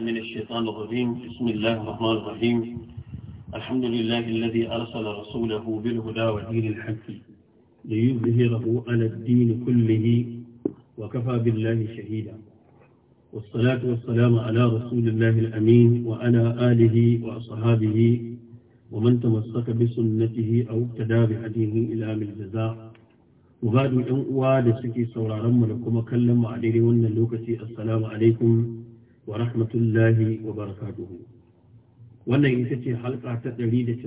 من الشيطان الرجيم بسم الله الرحمن الرحيم الحمد لله الذي أرسل رسوله بالهدى ودين الحق ليظهره على الدين كله وكفى بالله شهيدا والصلاة والسلام على رسول الله الأمين وعلى آله وأصحابه ومن تمسك بسنته أو اقتدى بهديه إلى من الجزاء وبعد أن أواد سكي سورا رمنا كما كلم السلام عليكم wa rahmatullahi wa barakatuhu wannan ita ce halka ta 192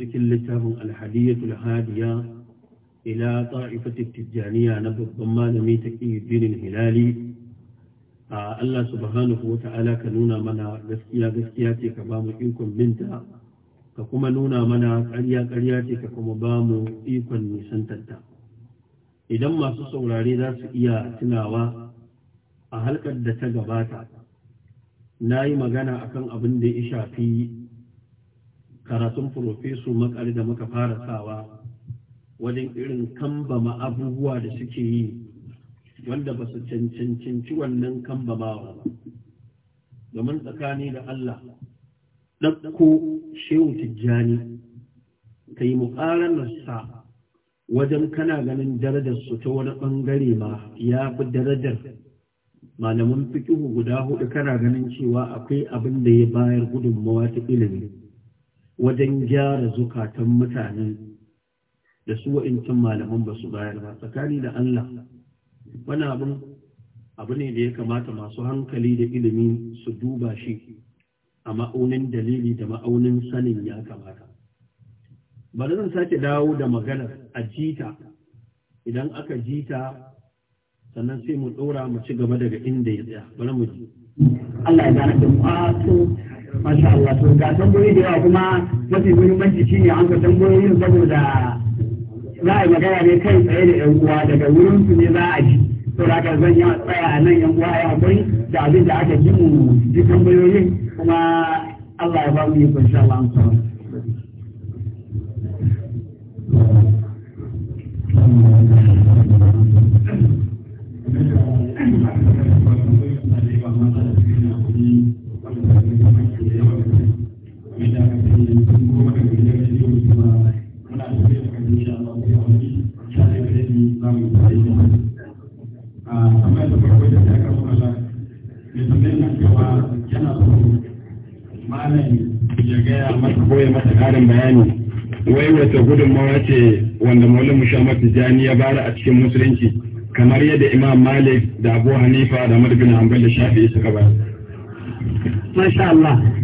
cikin littafin alhadiyatul hadiya ila ta'ifatit tijaniya na babban malami taqiyuddin hilali Allah subhanahu wa ta'ala ka nuna mana gaskiya gaskiya ce ka bamu ikon binta ka kuma nuna mana ƙarya ƙarya ce ka kuma bamu ikon nisantarta idan masu saurare za su iya tunawa a halkar da ta gabata na yi magana akan abin da ya shafi karatun furofeso makari da muka fara sawa wajen irin kambama abubuwa da suke yi wanda ba su cancanci wannan kambamawa ba domin tsakani da Allah ɗauko shehu tijjani ka yi muƙararsa wajen kana ganin darajarsu ta wani ɓangare ma ya fi darajar malaman fikihu guda hudu kana ganin cewa akwai abin da ya bayar gudunmawa ta ilimi wajen gyara zukatan mutanen da su wa'incan malaman ba su bayar ba tsakani da Allah wani abin abu ne da ya kamata masu hankali da ilimi su duba shi a ma'aunin dalili da ma'aunin sanin ya kamata bari zan sake dawo da maganar a jita idan aka jita sannan sai mu ɗora mu ci gaba daga inda ya tsaya bari mu ji Allah ya gane da mu a ah, to masha Allah to ga tambayoyi da yawa kuma mafi muhimmanci shine an ga tambayoyin saboda za a yi magana ne kai tsaye da yan uwa daga wurin su ne za a ji to da ka zan ya tsaya a nan yan uwa ya kai da abin da aka ji mu ji tambayoyin kuma Allah ya ba mu yi insha Allah an gudunmawa ce wanda maulin mushammad tijjani ya bara a cikin musulunci kamar yadda imam malik da abu hanifa da madubin hanbal da shafi suka ba masha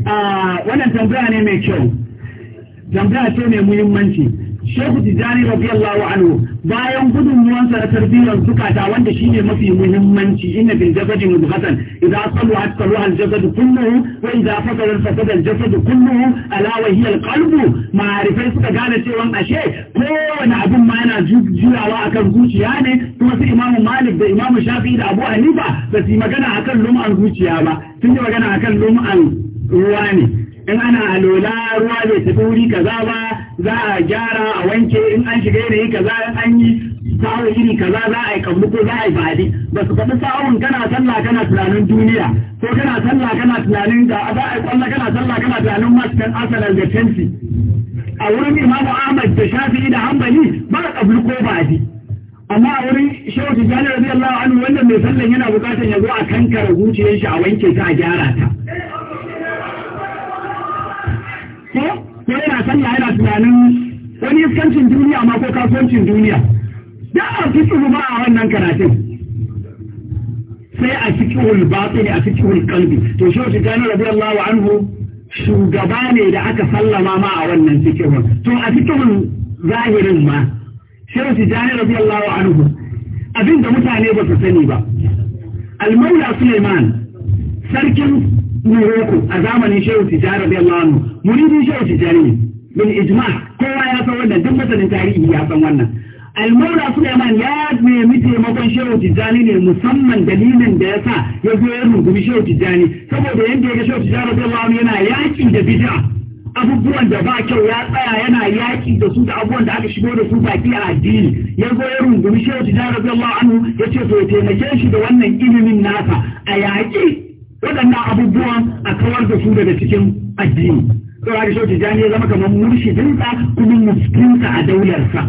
ah, wannan tambaya ne mai kyau tambaya ce mai muhimmanci Shehu Tijjani radiyallahu anhu bayan gudunmuwansa na tarbiyyar zukata wanda shi ne mafi muhimmanci inna bil jasadi mudghatan idza saluha saluha al jasadu kulluhu wa idza fasada fasada al jasadu kulluhu ala wa hiya al qalbu ma'arifai suka gane cewa ashe kowane abin ma yana jirawa akan zuciya ne kuma su Imam Malik da Imam Shafi da Abu Hanifa ba su magana akan lum'an zuciya ba sun yi magana akan lum'an ruwa ne in ana alola ruwa bai tafi wuri kaza ba za a gyara a wanke in an shiga yanayi kaza an yi sawo iri kaza za a yi kambu ko za a yi ba'adi ba su faɗi sawun kana sallah kana tunanin duniya ko kana sallah kana tunanin da za a yi kwallo kana sallah kana tunanin maskan asalar da tensi a wurin imamu ahmad da shafi'i da hambali ba a kablu ko ba'adi amma a wurin shehu tijjani radiyallahu anhu wanda mai sallan yana bukatan ya zo a kankara zuciyar shi a wanke ta a gyara ta ko ko yana sallah yana tunanin wani iskancin duniya ma ko kasuwancin duniya da a fi ba a wannan karatun sai a cikin ne a cikin kalbi to shi wata gani rabi Allah wa anhu shugaba ne da aka sallama ma a wannan cikin to a cikin zahirin ma shi wata gani rabi Allah wa anhu abinda mutane ba su sani ba al almaula Suleiman sarkin Morocco a zamanin Shehu Tijjani radiyallahu anhu muridin Shehu Tijjani ne bin ijma kowa ya san wannan duk masanin tarihi ya san wannan al Suleiman ya nemi taimakon Shehu Tijjani ne musamman dalilin da ya sa ya zo ya rungumi Shehu Tijjani saboda yanda ya ga Shehu yana yaki da bid'a abubuwan da ba kyau ya tsaya yana yaki da su da abubuwan da aka shigo da su baki a addini ya zo ya rungumi shehu tijjani radiyallahu anhu ya ce to ya taimake shi da wannan ilimin nasa a yaƙi waɗannan abubuwan a kawar da su daga cikin addini saboda da shauki jani ya zama kamar murshidinsa kuma muskinsa a daularsa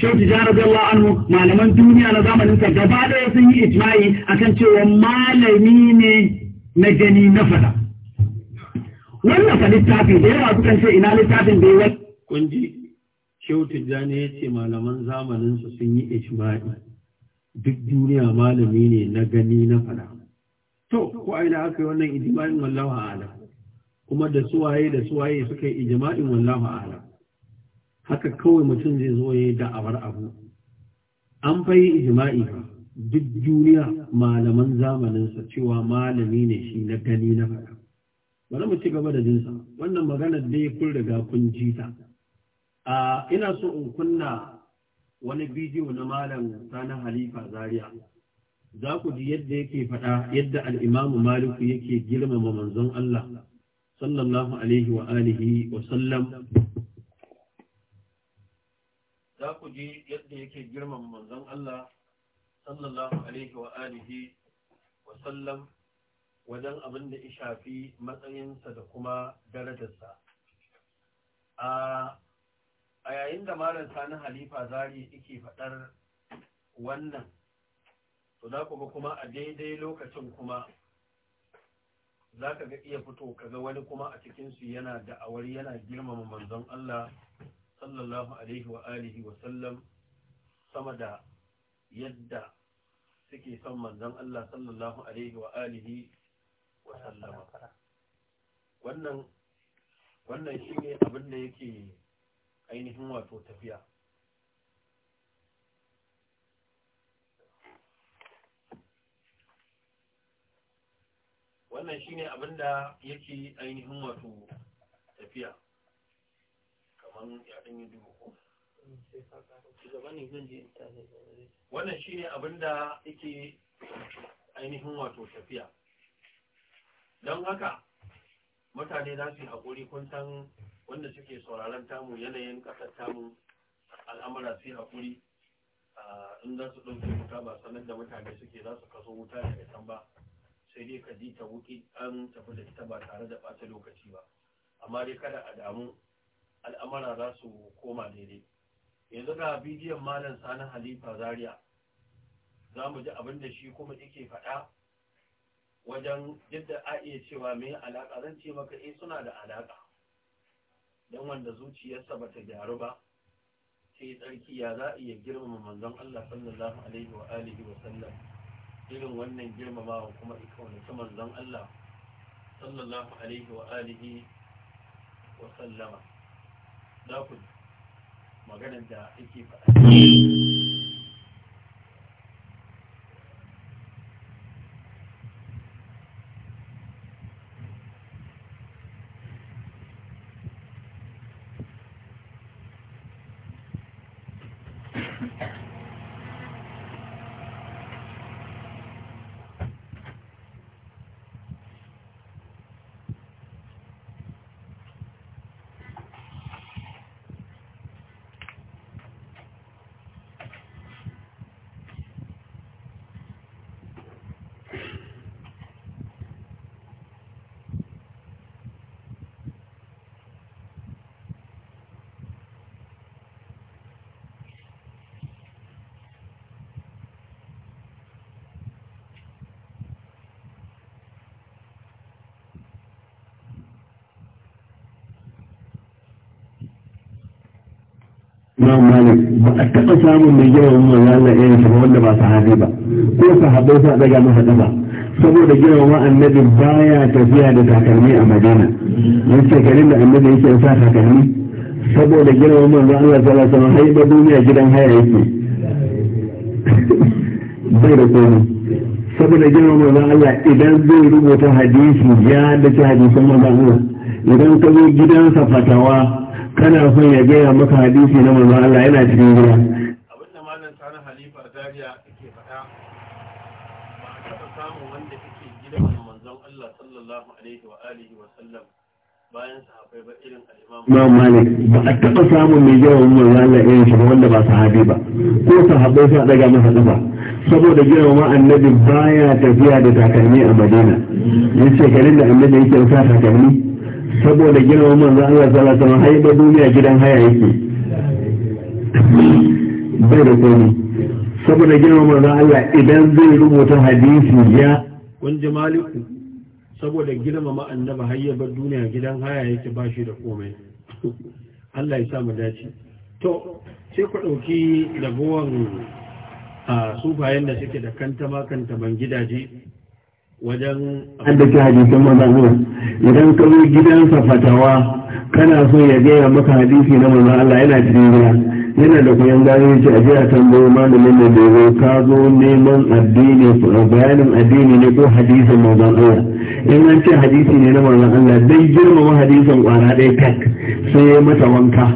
shauki jani radiyallahu anhu malaman duniya na zamaninsa gaba ɗaya sun yi a kan cewa malami ne na gani na fada wannan fa littafi da yawa sukan ce ina littafin da yawa kun ji shauki jani ya ce malaman zamaninsa sun yi ijma'i duk duniya malami ne na gani na fada to ko aina aka yi wannan ijma'in wallahu a'lam kuma da suwaye da suwaye suka yi ijma'in wallahu a'lam haka kawai mutum zai zo ya da'awar abu an fayi ijma'i ba duk duniya malaman zamaninsa cewa malami ne shi na gani na faɗa bari mu ci gaba da jinsa wannan magana dai kun riga kun ji ta a ina so in kunna wani bidiyo na malam sani halifa zaria za ku ji yadda yake faɗa yadda al'imamu maliku yake girmama manzon Allah sallallahu alaihi wa alihi wa sallam za ku ji yadda yake girmama manzon Allah sallallahu alaihi wa alihi wa sallam wajen abin da ya shafi matsayinsa da kuma darajarsa a yayin da malam sani halifa zari yake faɗar wannan to za ku ga kuma a daidai lokacin kuma za ka ga iya fito ka ga wani kuma a cikinsu yana da'awar yana girmama manzon Allah sallallahu alaihi wa alihi wa sallam sama da yadda suke son manzon Allah sallallahu alaihi wa alihi wa sallama wannan wannan shine abin da yake ainihin wato tafiya wannan shine abin da yake ainihin wato tafiya kamar ya ɗan yi dubu ko wannan shine abin da yake ainihin wato tafiya don haka mutane za su yi haƙuri kun san wanda suke sauraron tamu yanayin ƙasar tamu al'amura su yi haƙuri ah, in za su ɗauke wuta ba sanar da mutane suke za su kaso wuta daga ba sai dai ka ji ta wuki an tafi da ita ba tare da ɓata lokaci ba amma dai kada a damu al'amara za su koma daidai yanzu ga bidiyon malam sani halifa zaria za mu ji abin da shi kuma yake faɗa wajen yadda a iya cewa mai alaƙa zan ce maka eh suna da alaƙa don wanda zuciyarsa bata gyaru ba sai tsarki ya za a iya girmama manzon Allah sallallahu alaihi wa alihi wa sallam irin wannan girmamawa kuma ikawai ta manzon Allah sallallahu alaihi wa alihi wa sallama za ku maganar da ake faɗa imam malik ba a taɓa samun mai yawan manzo Allah irin shi wanda ba sahabi ba ko sahabbai sa daga masa ba saboda girmama annabi baya tafiya da takalmi a madina yace garin da annabi yake sa takalmi saboda girmama manzo Allah sallallahu alaihi wasallam haiba duniya gidan haya yake bai da komai saboda girmama manzo Allah idan zai rubuta hadisi ya da hadisin manzo Allah idan ka zo gidansa fatawa kana son ya gaya maka hadisi na manzon Allah yana cikin gida da malam sani Halifa dariya yake faɗa ba a taɓa samun wanda yake gidan manzon Allah sallallahu alaihi wa alihi wa sallam bayan sahabbai ba irin al-Imam Malik ba a taɓa samun mai yawan manzon Allah irin shi ba wanda ba sahabi ba ko sahabbai sa daga masa dafa saboda girmama annabi baya tafiya da takalmi a Madina yace garin da annabi yake sa takalmi saboda wa manzan Allah sallallahu alaihi wasallam har da duniya gidan haya yake bai da komai saboda wa manzan Allah idan zai rubuta hadisi ya wanda maliku saboda girmama annaba har bar duniya gidan haya yake ba shi da komai Allah ya sa mu dace to sai ku ɗauki rabuwan a ah, sufayen da suke da kanta ma kanta ban gidaje wajen haddace hadisin manzan idan ka zo gidansa fatawa kana so ya gaya maka hadisi na manzan Allah yana tiriya yana da kuyan gano a jiya tambayi malamin da bai zo ka zo neman addini bayanin addini ne ko hadisin manzan Allah in an ce hadisi ne na manzan Allah dai girmama hadisin kwana ɗaya tak sai ya mata wanka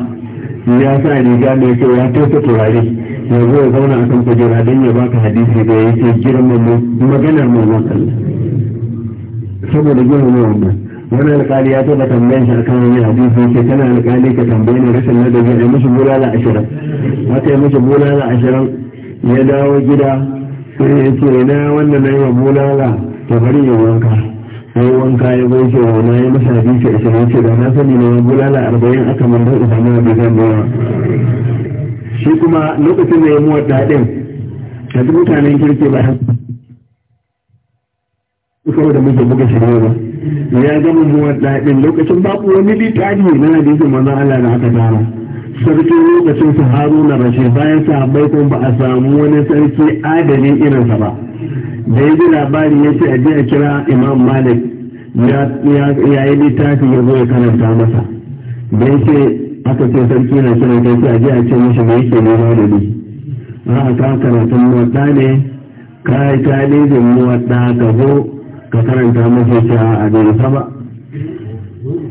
ya sa riga mai kyau ya tofa turare ya zo ya zauna akan kujera don ya baka hadisi da ya ce girmama maganar manzon Allah saboda girmama wannan wani alkali ya taɓa tambayin shi akan wani hadisi ce kana alkali ka tambaye ni rashin ladabi a mishi bulala ashirin wata ya mishi bulala ashirin ya dawo gida sai ya ce na wannan na yi wa bulala ta bari ya wanka sai wanka ya bai ce wa na yi masa hadisi ashirin ce da na sani na bulala arba'in aka mandar isa na bai zan shi kuma lokacin da ya muwa daɗin yanzu mutanen kirki ba kawai da muke buga shirya ba ya gama muwa daɗin lokacin babu wani littafi na hadisin manzon Allah da aka dara sarki lokacin su haruna rashe bayan bai kuma ba a samu wani sarki adalin irinsa ba da ya ji labari ya ce a je a kira imam malik ya yi littafi ya zo ya karanta masa da ya ce aka ce sarki na kiran kai sai a je a ce mishi me yake nema da ni a ka karatun muwadda ne ka yi talibin muwadda ka zo ka karanta mafi cewa a bai sama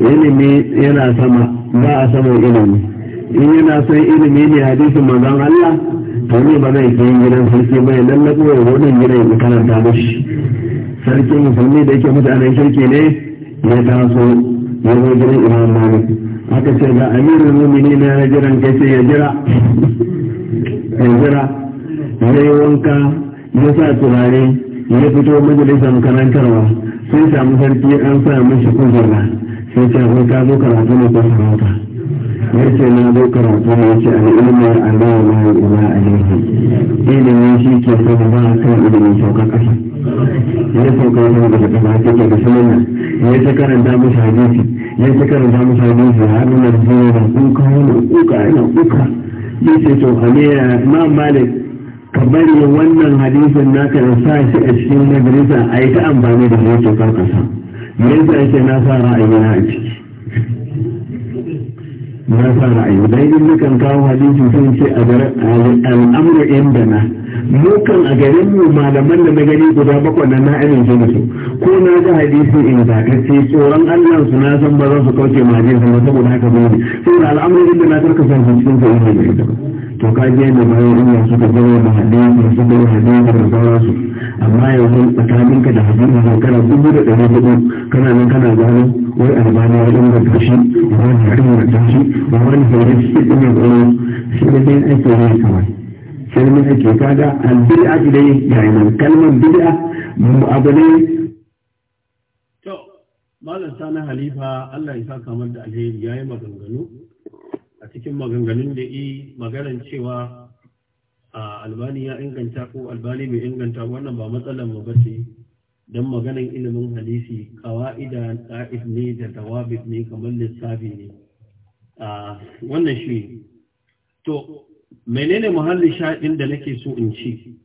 ilimi yana sama ba a sama ilimi in yana son ilimi ne hadisin manzon Allah to ne ba zai kai gidan sarki ba ya lallabo ya wannan gidan ya karanta mashi sarkin musulmi da yake mutanen kirki ne ya taso ya zo gidan imam malik aka ce ga amirin mumini na ya jiran kai ce ya jira ya jira ya yi wanka ya sa turare ya fito majalisar karantarwa sai samu sarki an sa mashi kujera sai ce kai ka zo karatu ne ko sarauta ya ce na zo karatu ne ce a ilimin allah na ila alaihi ilimin shi ke sama ba kan ilimin saukar ƙasa ya ce kawai sama daga kasa haka ke da sunana ya ce karanta musu hadisi ya ce karanta musu hadisi har nuna da zuwa da kuka yana uka ina uka ya ce to amira imam malik ka bari wannan hadisin naka da sa shi a cikin majalisa a yi ta amfani da hoto karkasa yanzu ya ce na sa ra'ayi na a ciki na sa ra'ayi dai in kan kawo hadisi sun ce a al'amru inda na mukan a garin mu malaman da na gani guda bakwai na na'amin jinsu ko na ga hadisi in zakacce tsoron allah su na san ba za su kauce ma jin sama saboda haka ba ne saboda al'amarin da na karkasa su cikin sa yake da to ka je da bayan da suka zama da hadisi su bar hadisi da sauransu amma yanzu ka da hadisi da kana dubu da ɗari hudu kana nan kana gano wai albani ya inganta shi wani ya inganta ba wani sauran shi ɗin ya tsoro shi da dai ake yi kawai sai mun ke kaga albid'a dai yayi nan kalmar bid'a abu ne to malam sani halifa Allah ya saka mun da alheri yayi maganganu a cikin maganganun da yi maganar cewa albani ya inganta ko albani mai inganta wannan ba matsalar mu bace dan maganar ilimin hadisi kawaida ta'if ne da tawabit ne kamar lissafi ne a wannan shi to menene muhallin shaɗin da nake so in ci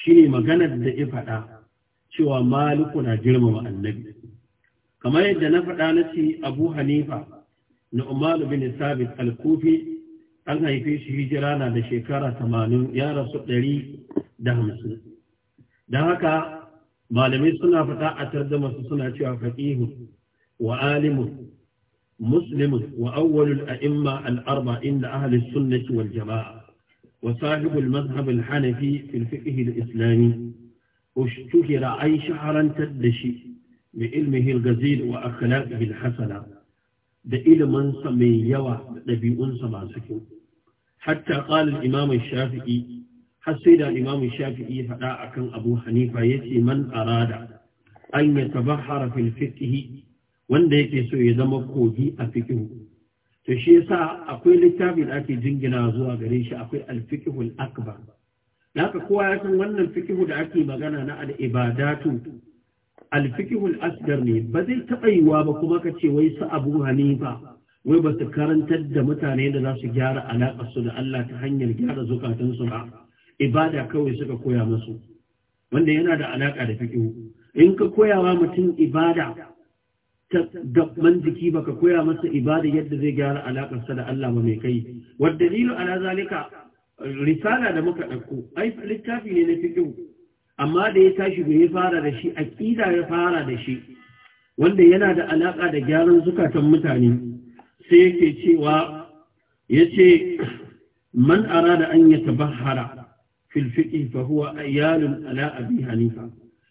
shine maganar da ya faɗa cewa maliku na girmama annabi kamar yadda na faɗa na ce abu hanifa na bin sabit al-kufi an haife shi hijira na da shekara tamanin ya rasu ɗari da hamsin don haka malamai suna faɗa a tarda masu suna cewa faƙihu wa alimu muslimun wa awwalul a'imma al arba'in inda ahli sunnati wal jama'a وصاحب المذهب الحنفي في الفقه الإسلامي اشتهر أي شعرا تدشي بعلمه الغزير وأخلاقه الحسنة دائل من سمي يوى نبي أنسى ماسكين حتى قال الإمام الشافعي حسيد الإمام الشافعي فلا أكن أبو حنيفة يتي من أراد أن يتبحر في الفقه وان ديكي سو يدمكو دي أفكه to shi yasa akwai littafi da ake jingina zuwa gare shi akwai alfiqhul akbar haka kowa ya san wannan fiqhu da ake magana na al-ibadatu alfikihul asgar ne ba zai taɓa yiwa ba kuma ka ce wai su abu hanifa wai ba su karantar da mutane da za su gyara alaƙarsu da Allah ta hanyar gyara zukatansu ba ibada kawai suka koya musu wanda yana da alaƙa da fikihu in ka koyawa mutum ibada gabban jiki baka koya masa ibada yadda zai gyara alakarsa da Allah ba mai kai wadda dalilu ala zalika risala da muka ɗauko ai littafi ne na fiqh amma da ya tashi ba ya fara da shi aqida ya fara da shi wanda yana da alaka da gyaran zukatan mutane sai yake cewa yace man arada an yatabahhara fil fiqh fa huwa ayalun ala abi hanifa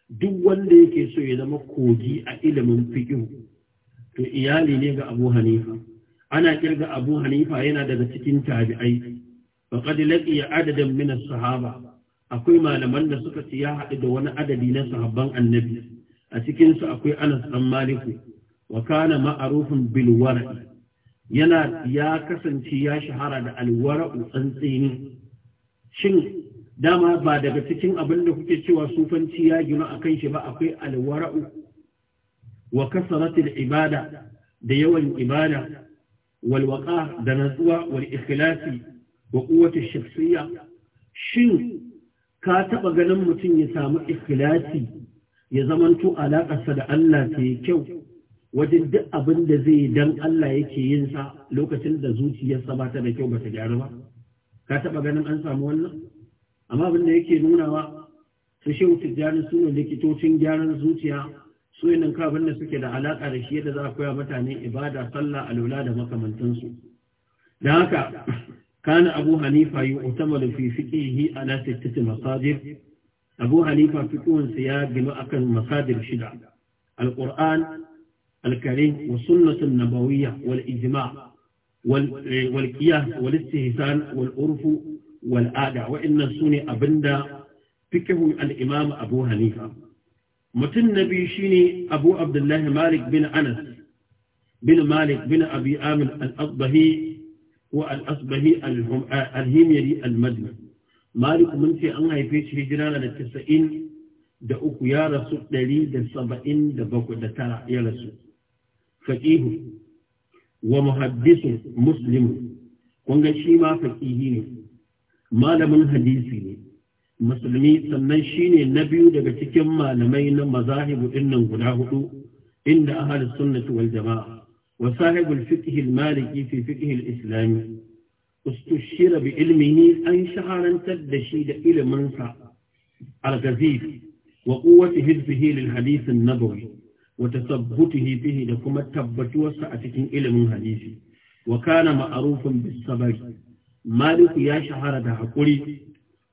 duk wanda yake so ya zama kogi a ilimin fiƙi to iyali ne ga abu hanifa ana kirga abu hanifa yana daga cikin tabi'ai faqad laqiya adadan min as-sahaba akwai malaman da suka ci ya haɗu da wani adadi na sahabban annabi a cikinsu akwai Anas dan Malik wa kana ma'rufun bil wara'i yana ya kasance ya shahara da al wara'u tsantsini shin dama ba daga cikin abin da kuke cewa sufanci ya gina a kan shi ba akwai alwara'u wa da ibada da yawan ibada walwaka da natsuwa wal ikhlasi wa quwwati shakhsiyya shin ka taba ganin mutum ya samu ikhlasi ya zamanto alaƙarsa da Allah ta yi kyau wajen duk abin da zai dan Allah yake yin sa lokacin da zuciyarsa ba ta da kyau ba ta gyaru ba ka taba ganin an samu wannan amma abin da yake nunawa su shi wuce jani su ne likitocin gyaran zuciya su yi ninka abin da suke da alaƙa da shi yadda za a koya mutane ibada sallah alula da makamantansu da haka kana abu hanifa yi utamaru fi fiqihi ala sittati masajir abu hanifa fiqhunsa ya gino akan masajir shida alquran الكريم والسنة النبوية والإجماع والقياس والاستهزان والعرف wal'ada wa'innan su ne da fikihun al'imam abu hanifa mutum na biyu shi ne abu abdullahi malik bin anas bin malik bin abi Amin al'asbahi wa al'asbahi alhimiyari al malik mun ce an haife shi hijira da tasa'in da uku ya rasu ɗari da saba'in da da tara ya rasu faƙihu wa muhaddisun muslimu kunga shi ma faƙihi ne malamin hadisi ne musulmi sannan shine na biyu daga cikin malamai na mazahibu dinnan guda hudu inda ahlus sunnati wal jama'a wa sahibul fiqh al maliki fi fiqh al islami ustushira bi ilmihi an shaharantar da shi da ilimin sa al gazif wa quwwati hizbihi lil hadith an nabawi wa da kuma tabbatuwarsa a cikin ilimin hadisi wa kana ma'rufun bis sabr maliku ya shahara da haƙuri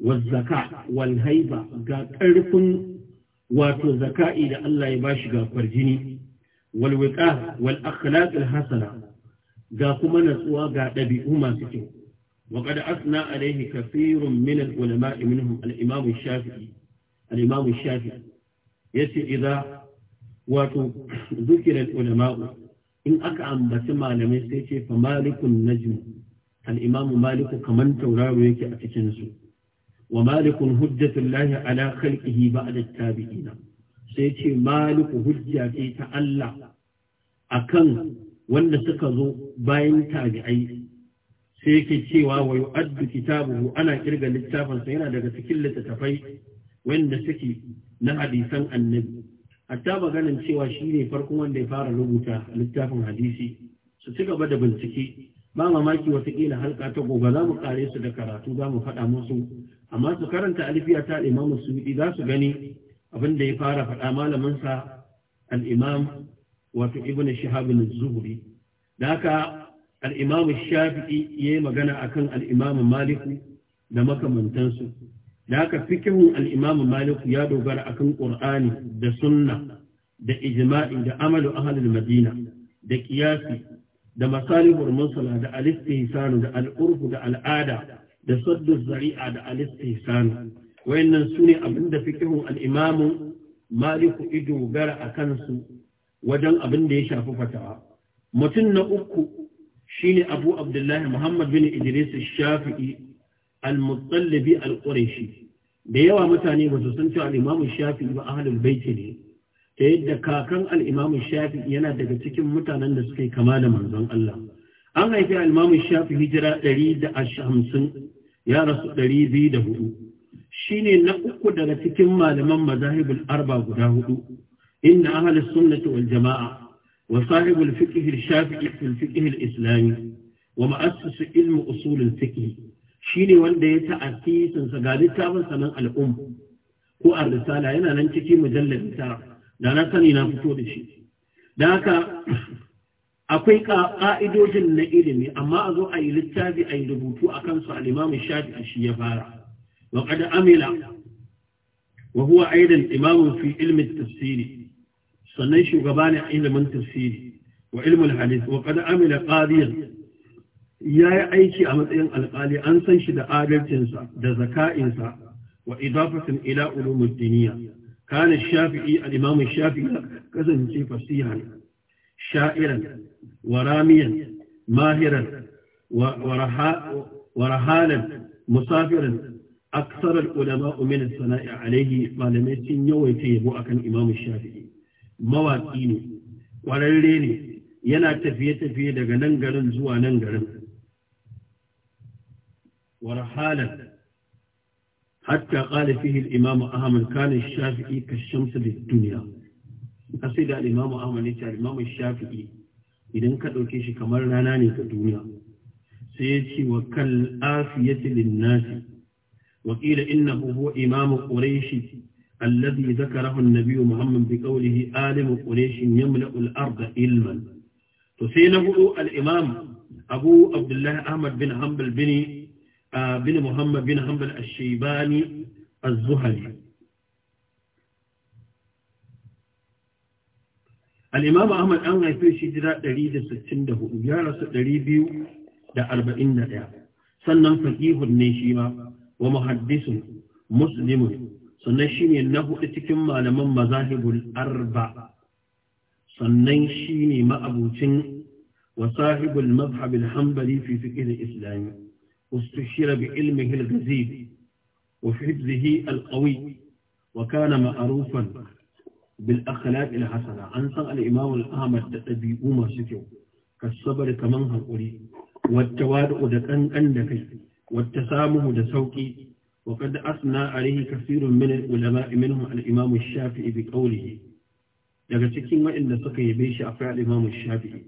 wa zaka wal haiba ga ƙarfin wato zaka'i da Allah ya bashi ga kwarjini wal wiqa wal akhlaq al hasana ga kuma natsuwa ga ɗabi'u masu kyau wa qad asna alayhi kathirun min al ulama minhum al imam shafi'i al imam shafi'i yace idza wato al ulama in aka ambaci malamai sai ce fa malikun najm al'imamu maliku kamar tauraro yake a cikinsu wa malikun hujjatullahi ala khalqihi ba'da tabi'ina sai ce maliku hujjace ta Allah akan wanda suka zo bayan tabi'ai sai yake cewa wa yu'addu kitabuhu ana kirga littafinsa yana daga cikin littattafai wanda suke na hadisan annabi hatta maganin cewa shi ne farkon wanda ya fara rubuta littafin hadisi su ci gaba da bincike ba mamaki watakila halka ta gobe za mu kare su da karatu za mu faɗa musu amma su karanta alfiya ta imam suyuti za su gani abin da ya fara faɗa malaminsa sa wato ibn shihab az-zuhri da haka al-imam shafi'i yayi magana akan kan imam malik da makamantansu da haka fikihun al-imam malik ya dogara akan qur'ani da sunna da ijma'i da amalu ahlul madina da kiyasi. da masalihul mursala da al-istihsan da al'urhu da al'ada da saddu zari'a da al-istihsan wayannan sune abinda fiqhu al-imam Malik ido gara a kansu wajen abin da ya shafi fatawa mutum na uku shine Abu Abdullahi Muhammad bin Idris shafii al-Muttallabi al-Qurashi da yawa mutane ba su san cewa Shafi'i ba ahlul bait ne ta yadda kakan al'imamin shafi yana daga cikin mutanen da suka yi kama da manzon Allah. An haifi al'imamu shafi hijira ɗari da hamsin ya rasu ɗari biyu da hudu. Shi ne na uku daga cikin malaman mazahibul arba guda hudu, inda ahalus sunnati wal jama'a wa sahibul fiqh shafi'i fil fiqh islami wa ma'assis ilmi usul fiqh shine wanda ya ta'assisin sa ga littafin sanan al'umma. ko ar-risala yana nan cikin mujallad tara da na sani na fito da shi da haka akwai ƙa'idojin na ilimi amma a zo a yi littafi a yi rubutu a kansu Limamin shafi a shi ya fara wa kada amila wa huwa aidan imamun fi ilmin tafsiri sannan shugaba ne a ilimin tafsiri wa ilmin hadith wa kada amila qadiyan ya yi aiki a matsayin alkali an san shi da adalcinsa da zaka'insa wa idafatin ila ulumuddiniya kana shafi'i a Imamin shafi'i kasance fasihan sha'iran wa ramiyan mahiran wa rahalan musafiran أكثر العلماء من الثناء عليه malamai sun yawaita yabo akan Imam Shafi'i Mawaƙi ne ƙwararre ne yana tafiye-tafiye daga nan garin zuwa nan garin warhalan حتى قال فيه الإمام أحمد كان الشافعي كالشمس للدنيا أسيد الإمام أحمد يتعى الإمام الشافعي إذا كدوا كيش كمال راناني كدنيا سيتي وكالآفية للناس وقيل إنه هو إمام قريش الذي ذكره النبي محمد بقوله عالم قريش يملأ الأرض علما تسينه الإمام أبو عبد الله أحمد بن حنبل بن bin Muhammad bin Hanbal Ash-Shaybani Az-Zuhali Al-Imam Ahmad an haife shi jira 164 ya rasu 241 sannan faqihun ne shi ma wa muhaddisun muslimun sannan shi ne na hudu cikin malaman mazahibul arba sannan shi ne ma'abucin wasahibul mazhabil hanbali fi da islami واستشير بعلمه الغزير وحفظه القوي وكان معروفا بالأخلاق الحسنة عن صنع الإمام الأحمد تبي عمر سكو كالصبر كمن هنقولي والتواضع دكان أندكي والتسامح دسوكي وقد أثنى عليه كثير من العلماء منهم الإمام الشافعي بقوله لقد تكلم إن سكي بيش أفعل الإمام الشافعي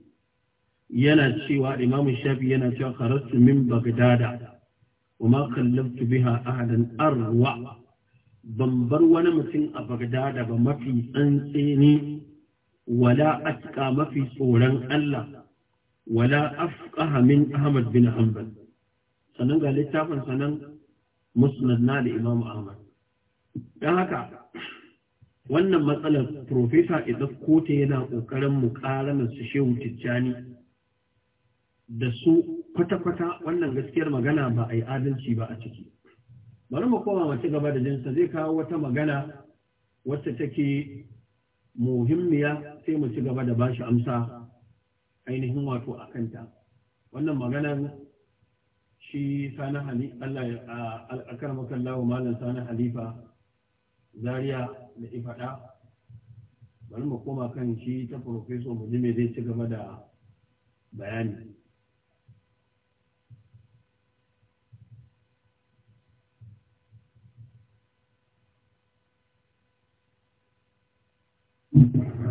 yana cewa imamu shafi yana cewa kharajtu min bagdada wa ma kallabtu biha ahadan arwa ban bar wani mutum a bagdada ba mafi tsantseni wala atka mafi tsoron Allah wala afqaha min Ahmad bin Hanbal sannan ga littafin sanan musnad na da Imam Ahmad dan haka wannan matsalar profesa Idris Kote yana kokarin muƙaranar su Shehu Tijjani da su kwata-kwata wannan gaskiyar magana ba a yi adalci ba a ciki bari mu koma mace gaba da jinsa zai kawo wata magana wacce take muhimmiya sai mu ci gaba da bashi amsa ainihin wato a kanta wannan maganan shi sani hali Allah ya akarmakan lawo malam sani halifa zaria da ifada bari mu koma kan shi ta professor mu ji me zai ci gaba da bayani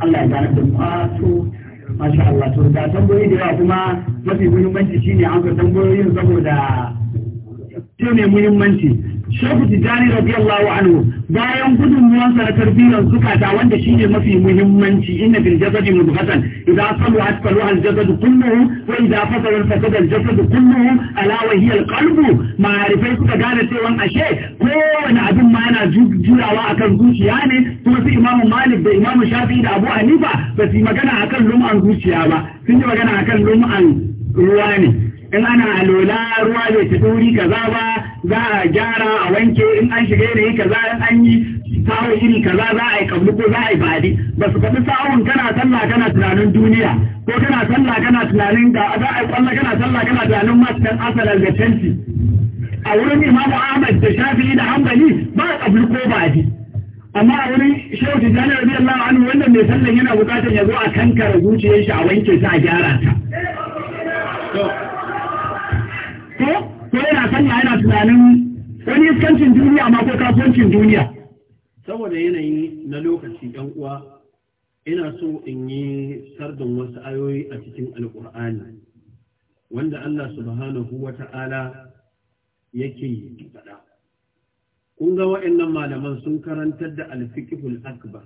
Allah ya gane da kwato masha Allah to da tambayoyi da yawa kuma mafi muhimmanci shine an ga tambayoyin saboda su ne muhimmanci shehu tijjani radiyallahu anhu bayan gudunmuwansa na tarbiyyar zukata wanda shi ne mafi muhimmanci inna fil jasadi mudghatan idza salu asfalu al jasad kulluhu wa idza fasala fasada al jasad kulluhu ala wa hiya al qalbu ma'arifai suka gane cewa ashe kowane abin ma yana jurawa akan zuciya ne kuma su imamu malik da imamu shafi da abu hanifa ba su magana akan lum'an zuciya ba sun yi magana akan lum'an ruwa ne in ana alola ruwa bai ta wuri kaza ba za a gyara a wanke in an shiga yanayi kaza in an yi sawo iri kaza za a yi kablu ko za a yi baɗi ba su faɗi sawon kana sallah kana tunanin duniya ko kana sallah kana tunanin da za a yi kwallo kana sallah kana tunanin masu ɗan asalar da canci a wurin imamu ahmad da Shafi da hanbali ba kablu ko baɗi amma a wurin shehu tijjani rabi allah anhu wannan mai sallan yana buƙatar ya zo a kankara zuciyar shi a wanke ta a gyara ta yana sanya yana tunanin wani iskancin duniya ma ko kasuwancin duniya saboda yanayi na lokaci ɗan uwa ina so in yi sardin wasu ayoyi a cikin alƙur'ani wanda Allah subhanahu wa ta'ala yake faɗa kun ga malaman sun karantar da alfiqhul akbar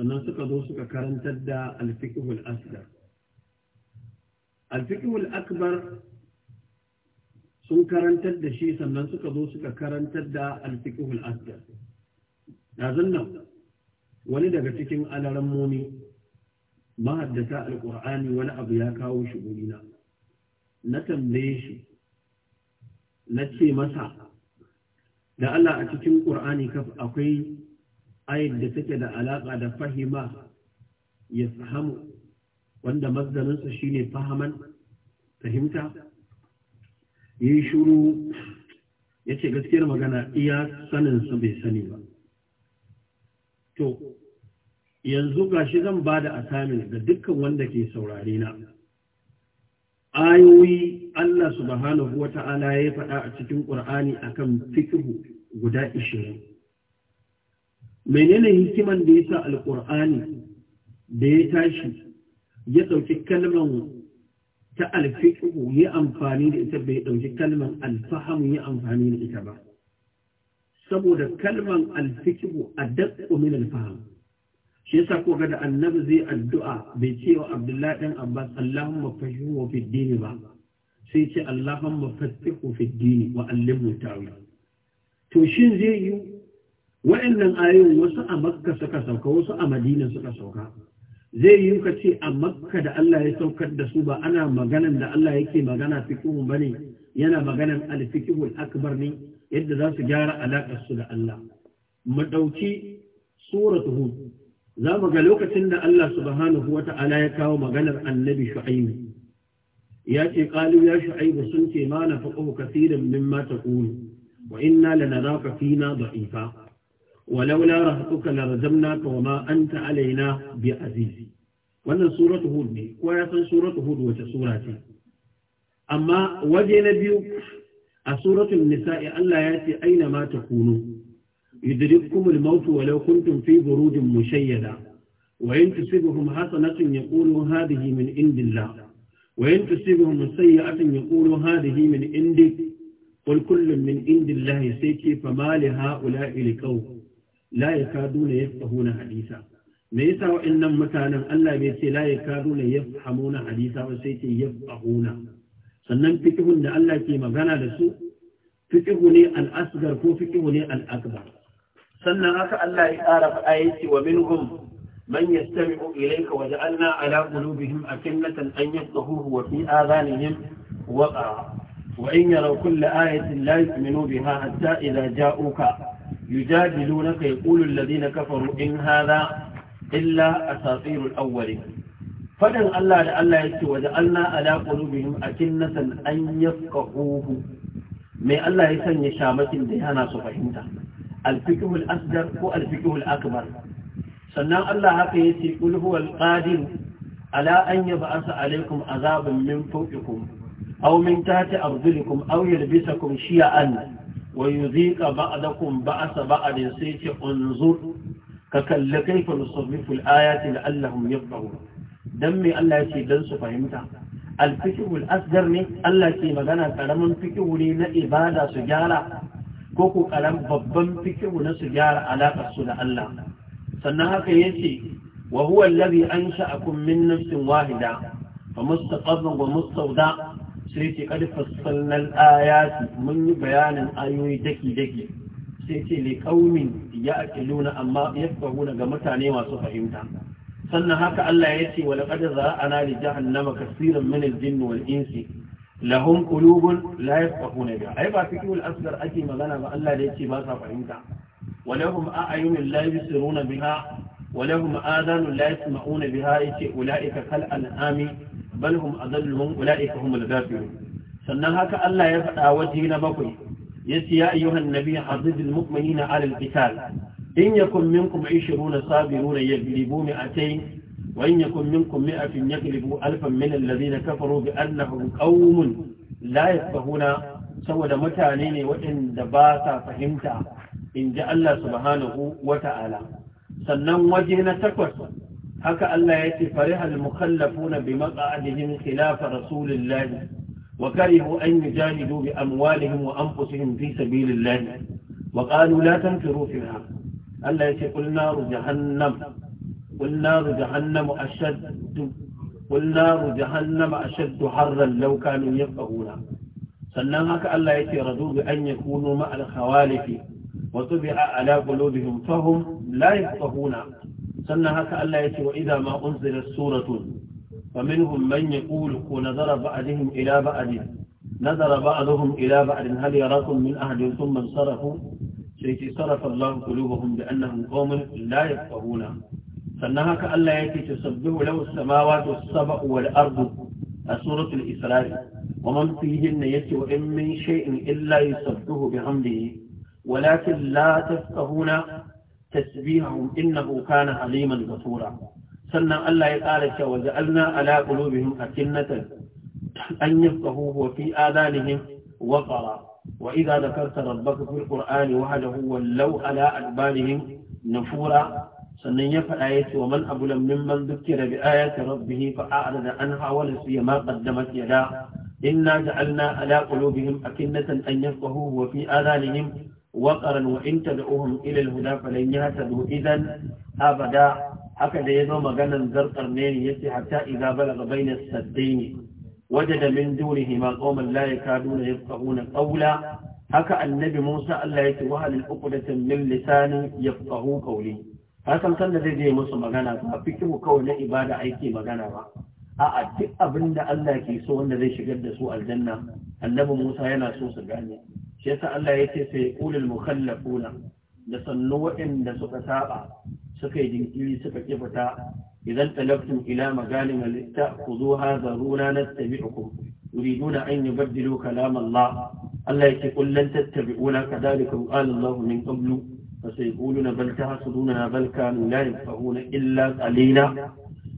sannan suka zo suka karantar da alfiqhul Asgar. alfiqhul akbar sun karantar da shi sannan suka zo suka karantar da alfiqhul asghar yanzu nan wani daga cikin alarammomi mahaddata Alƙur'ani wani abu ya kawo shi gurina na tambaye shi na ce masa da Allah a cikin ƙur'ani qur'ani akwai ayat da take da alaƙa da fahima ya fahamu wanda mazdarinsa shine fahaman fahimta ya yi shuru ya ce gaskiyar magana iya sanin su bai sani ba to yanzu gashi zan ba da asamin ga dukkan wanda ke saurare na ayoyi Allah subhanahu wa ta'ala ya faɗa a cikin ƙur'ani akan fikihu guda ishirin menene hikiman da ya sa alƙur'ani da ya tashi ya ɗauki kalman ta alfiƙu ya amfani da ita bai ɗauki kalmar alfahamu ya amfani da ita ba saboda kalmar alfiƙu a daƙo min alfaham shi yasa ko ga da annabi zai addu'a bai ce wa abdullahi dan abbas allahumma fahimu fi dini ba sai ce allahumma fatihu fi dini wa allimhu to shin zai yi wa'annan ayoyin wasu a makka suka sauka wasu a madina suka sauka zai yi ka ce a makka da Allah ya saukar da su ba ana maganan da Allah yake magana fikihun bane yana maganan alfikihul akbar ne yadda za su gyara alaƙar su da Allah mu ɗauki suratu hud za mu ga lokacin da Allah subhanahu wata'ala ya kawo maganar annabi shu'aibu ya ce qalu ya shu'aibu sun ce ma na faqahu kaseeran mimma taqulu wa inna lanaraka fina da'ifa ولولا رهتك لرجمناك وما أنت علينا بعزيز wannan suratu hud ne ko ya san suratu hud wace sura ce amma waje na biyu a suratul nisa'i Allah ya ce aina ma takunu yudrikumul maut walau kuntum fi burudin mushayyada wa in tusibuhum hasanatun yaqulu hadhihi min indillah wa in tusibuhum sayyi'atun yaqulu hadhihi min indi qul kullun min indillahi sai ce famali ha'ula'i liqawm la yakaduna yafqahuna hadisa me yasa wa'annan mutanen Allah bai ce la yakaduna na hadisa ba sai ce yafqahuna sannan fiqhun da Allah ke magana da su fiqhu ne al ko fiqhu ne al sannan haka Allah ya ƙara faɗa yace wa minhum من يستمع إليك وجعلنا على قلوبهم أكنة أن يفقهوه وفي Wa وقع وإن يروا كل آية لا يؤمنوا بها حتى إذا جاءوك yujadilunaka yaqulu alladhina kafaru in hadha illa asatirul awwalin fadin Allah da Allah yake waje Allah ala qulubihim akinnatan an yafqahuhu mai Allah ya sanya shamakin da yana su fahimta al-fiqhu ko al akbar sannan Allah haka yace qul huwal qadir ala an yab'asa alaykum azaban min fawqikum aw min tahti arjulikum aw yalbisakum shi'an ba yuzika ba ba'sa ba'din sai ce unzur ka kalli kaifa nusarrifu al da la'allahum yafqahun dan me Allah ya ce su fahimta al-fiqhul asghar ne Allah ke magana karamin fiqhu ne na ibada su gyara ko ko karam babban fiqhu na su gyara alaƙar su da Allah sannan haka yace wa huwa anshi a min nafsin wahida famustaqarrun wa mustawda sai ce kad fassalnal ayati mun yi bayanin ayoyi daki daki sai ce ya ake ya'qiluna amma yafqahuna ga mutane masu fahimta sannan haka Allah ya ce wa a na li jahannama kaseeran min al-jinn insi lahum qulubun la na biha ai ba fikul asgar ake magana ba Allah da yace ba sa fahimta wa lahum a'yunun la yusiruna biha wa a zanun la yasma'una biha yace ulaika kal an'ami bal hum adallun ulaika humul ghafirun sannan haka Allah ya faɗa waje na bakwai yace ya ayyuhan nabiy azizul mu'minina alal qital in yakun minkum 20 sabiruna yaghlibu mi'atayn wa in yakun minkum 100 yaghlibu alfan min alladhina kafaru bi annahum qaumun la yafqahuna saboda mutane ne waɗanda ba sa fahimta in ji Allah subhanahu wa ta'ala sannan waje na takwas هكا الله يأتي فرح المخلفون بمقعدهم خلاف رسول الله وكرهوا أن يجاهدوا بأموالهم وأنفسهم في سبيل الله وقالوا لا تنفروا فيها الله يأتي قل نار جهنم قل نار جهنم أشد قل نار جهنم أشد حرا لو كانوا يفقهون سنن هكا الله يأتي رضوا بأن يكونوا مع الخوالف وطبع على قلوبهم فهم لا يفقهون sannan haka Allah ya ce wa idza ma unzilat suratun faminhum man yaqulu ku nazara ba'dihim ila ba'din nazara ba'dhum ila ba'din hal yarakum min ahadin thumma sarafu sai ce sarafa Allah qulubuhum bi annahum qaumun la yafqahuna sannan haka Allah ya ce tasabbihu lahu as-samawati was-sab'u wal-ardu a suratul isra'i ومن فيهن يتي وإن من شيء إلا يسبه بحمده ولكن لا تفقهون tasbihahum innahu kana aliman ghafura sannan Allah ya ƙara cewa ja'alna ala qulubihim akinnatan an yafqahu wa fi adanihim waqara wa idza dhakarta rabbaka fil qur'ani wahdahu wallaw ala adbarihim nufura sannan ya faɗa ya ce wa man abu abulam mimman dukkira bi ayati rabbih fa a'rada anha wa nasiya ma qaddamat yada inna ja'alna ala qulubihim akinnatan an yafqahu wa fi adanihim وقرا وإن تدعوهم إلى الهدى فلن يهتدوا إذا أبدا هكذا يزو مغانا ذر قرنين يسي حتى إذا بلغ بين السدين وجد من دونهما قوما لا يكادون يفقهون قولا هكا النبي موسى ألا يتوها للأقدة من لسان يفقهوا قولي هكذا كان الذي موسى مغانا فكره كون إبادة أيكي مغانا a'a duk abin da Allah ke so wanda zai shigar da su aljanna annabi Musa yana so su gane shi yasa Allah ya ce sai kulul mukhallafuna da sannu waɗanda suka saba suka yi jinkiri suka ki fita idan talaftum ila magalim alitta khuduha zaruna nastabi'ukum yuriduna an yubaddilu kalam Allah Allah yake kul lan tattabi'una kadhalika qala Allah min qablu fasayquluna bal tahsuduna bal kanu la yafqahuna illa qalila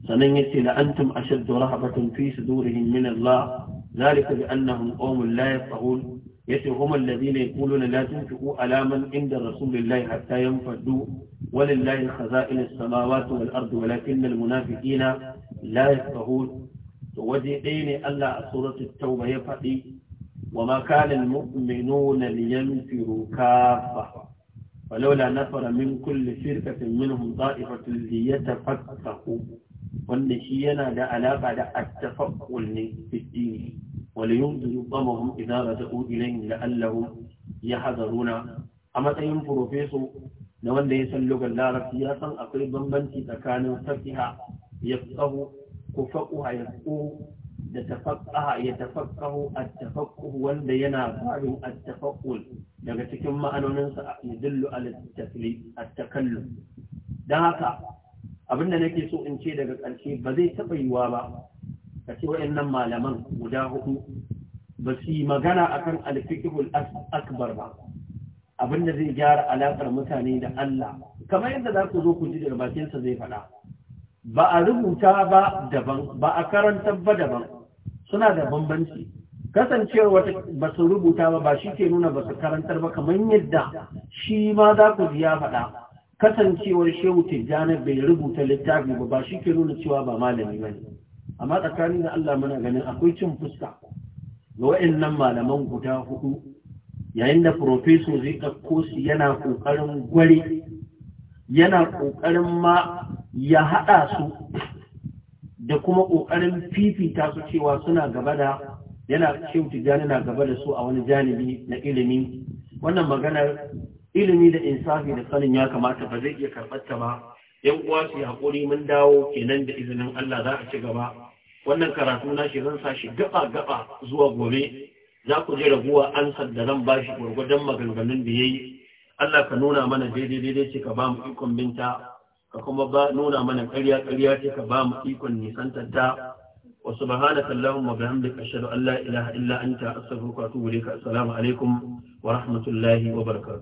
sanan yace la antum ashaddu rahabatan fi sudurihim min Allah ذلك بأنهم قوم لا يفقهون يتي هم الذين يقولون لا تنفقوا ألاما عند رسول الله حتى ينفدوا ولله خزائن السماوات والأرض ولكن المنافقين لا يفقهون وديعين ألا سورة التوبة يفقه وما كان المؤمنون لينفروا كافة ولولا نفر من كل فرقة منهم طائفة ليتفقهوا والنشينا ده علاقة ده التفقه في الدين ولينذروا ضمهم إذا رجعوا إليهم لعلهم يحذرون أما تين بروفيسور لو أن يسلق اللارة سياسا أقرب بنتي تكانوا فتها يفقه كفقها يفقه يتفقه يتفقه التفقه وند ينافع التفقه daga cikin ma'anoninsa yadullu ala التكلم dan haka abinda nake so in ce daga ƙarshe ba zai taɓa yiwa ba a ce waɗannan malaman guda hudu ba su yi magana akan alfiqhul akbar ba abin da zai gyara alaƙar mutane da Allah kamar yadda za ku zo ku ji da bakinsa zai faɗa ba a rubuta ba daban ba a karanta ba daban suna da bambanci kasancewar wata ba su rubuta ba ba shi ke nuna ba su karantar ba kamar yadda shi ma za ku ji ya faɗa kasancewar shehu tijjani bai rubuta littafi ba ba shi ke nuna cewa ba malami ba ne amma tsakanin da Allah muna ganin akwai cin fuska ga wa'annan malaman guda hudu yayin da profeso zai ɗauko su yana ƙoƙarin gwari yana ƙoƙarin ma ya haɗa su da kuma ƙoƙarin fifita su cewa suna gaba da yana cewa tijjani na gaba da su a wani janibi na ilimi wannan maganar ilimi da insafi da sanin ya kamata ba zai iya karɓar ta ba yan uwa su haƙuri mun dawo kenan da izinin Allah za a ci gaba wannan karatu na shi zan sa shi gaba gaba zuwa gobe za ku je raguwa an da zan ba shi gwargwadon maganganun da ya yi Allah ka nuna mana daidai daidai ce ka ba mu ikon binta ka kuma ba nuna mana ƙarya ƙarya ce ka ba mu ikon nisantar ta wa subhanaka allahumma bihamdika ashhadu an la ilaha illa anta astaghfiruka wa atubu ilaik assalamu alaikum wa rahmatullahi wa barakatuh